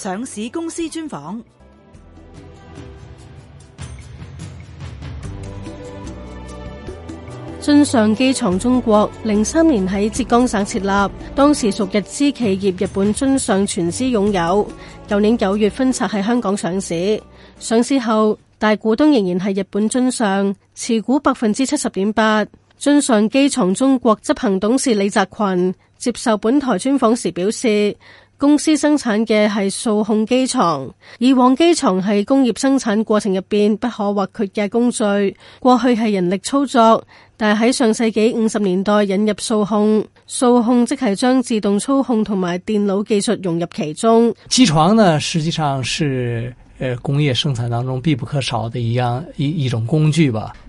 上市公司專訪。津上機床中國零三年喺浙江省設立，當時屬日資企業，日本津上全資擁有。舊年九月分拆喺香港上市，上市後大股東仍然係日本津上，持股百分之七十點八。津上機床中國執行董事李澤群接受本台專訪時表示。公司生產嘅係數控機床，以往機床係工業生產過程入邊不可或缺嘅工序。過去係人力操作，但係喺上世紀五十年代引入數控，數控即係將自動操控同埋電腦技術融入其中。機床呢，實際上是誒，工業生產當中必不可少嘅一樣一一種工具吧。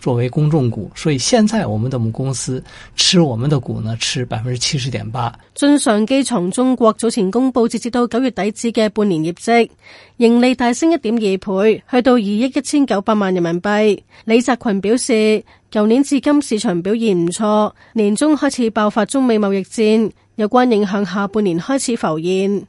作為公眾股，所以現在我們的母公司持我們的股呢，持百分之七十點八。津上機床中國早前公布截至到九月底止嘅半年業績，盈利大升一點二倍，去到二億一千九百萬人民幣。李澤群表示，舊年至今市場表現唔錯，年中開始爆發中美貿易戰，有關影響下半年開始浮現。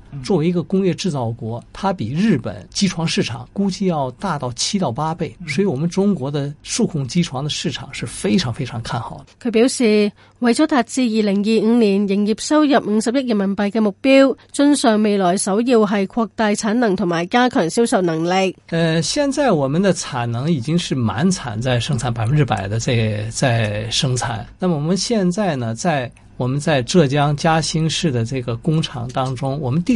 作為一個工業製造國，它比日本機床市場估計要大到七到八倍，所以我們中國的數控機床的市場是非常非常看好的。佢表示，為咗達至二零二五年營業收入五十億人民幣嘅目標，津上未來首要是擴大產能同埋加強銷售能力。呃，現在我們的產能已經是滿產，在生產百分之百的在在生產。那麼我們現在呢，在我們在浙江嘉興市的這個工廠當中，我們第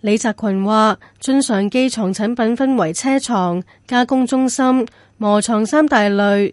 李澤群話：，津上機床產品分為車床、加工中心、磨床三大類。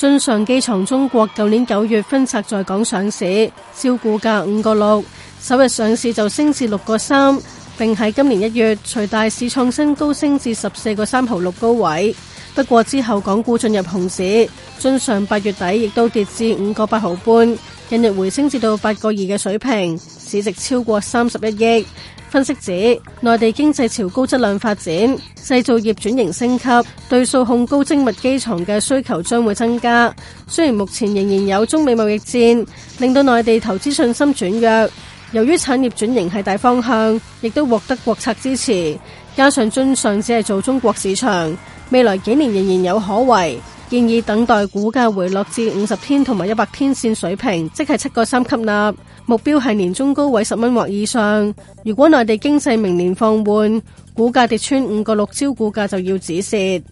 津上機床中國舊年九月分拆在港上市，招股價五個六，首日上市就升至六個三，並喺今年一月隨大市創新高升至十四個三毫六高位。不過之後港股進入熊市，津上八月底亦都跌至五個八毫半，近日回升至到八個二嘅水平，市值超過三十一億。分析指，內地經濟朝高質量發展，製造業轉型升級，對數控高精密機床嘅需求將會增加。雖然目前仍然有中美貿易戰，令到內地投資信心轉弱。由於產業轉型係大方向，亦都獲得國策支持，加上津上只係做中國市場，未來幾年仍然有可為。建議等待股價回落至五十天同埋一百天線水平，即係七個三級納。目標係年中高位十蚊或以上。如果內地經濟明年放緩，股價跌穿五個六招，股價就要止蝕。